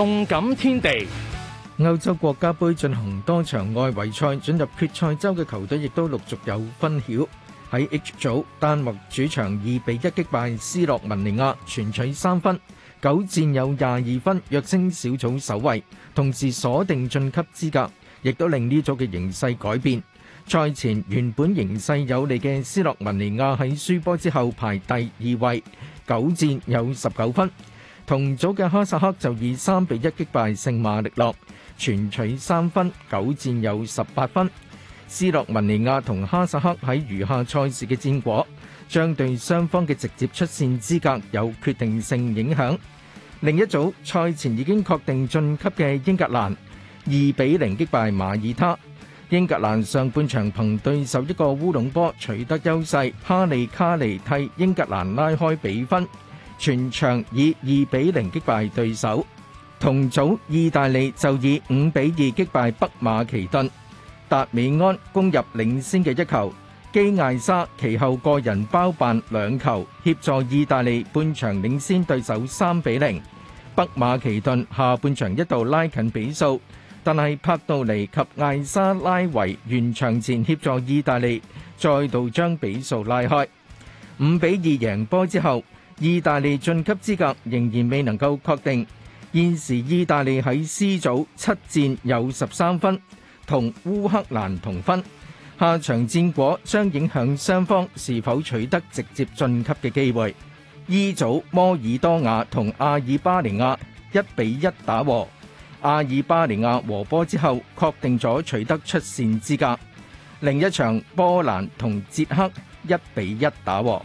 動感天地，歐洲國家盃進行多場外圍賽，進入決賽周嘅球隊亦都陸續有分曉。喺 H 組，丹麥主場二比一擊敗斯洛文尼亞，全取三分，九戰有廿二分，躍升小組首位，同時鎖定晉級資格，亦都令呢組嘅形勢改變。賽前原本形勢有利嘅斯洛文尼亞喺輸波之後排第二位，九戰有十九分。同組嘅哈薩克就以三比一擊敗聖馬力諾，全取三分，九戰有十八分。斯洛文尼亞同哈薩克喺餘下賽事嘅戰果，將對雙方嘅直接出線資格有決定性影響。另一組賽前已經確定晉級嘅英格蘭，二比零擊敗馬耳他。英格蘭上半場憑對手一個烏龍波取得優勢，哈利卡尼替英格蘭拉開比分。全場以二比零擊敗對手，同組意大利就以五比二擊敗北馬其頓，達美安攻入領先嘅一球，基艾沙其後個人包辦兩球，協助意大利半場領先對手三比零。北馬其頓下半場一度拉近比數，但係帕杜尼及艾沙拉維完場前協助意大利再度將比數拉開，五比二贏波之後。意大利晉級資格仍然未能夠確定，現時意大利喺 C 組七戰有十三分，同烏克蘭同分，下場戰果將影響雙方是否取得直接晉級嘅機會。E 組摩爾多瓦同阿爾巴尼亞一比一打和，阿爾巴尼亞和波之後確定咗取得出線資格。另一場波蘭同捷克一比一打和。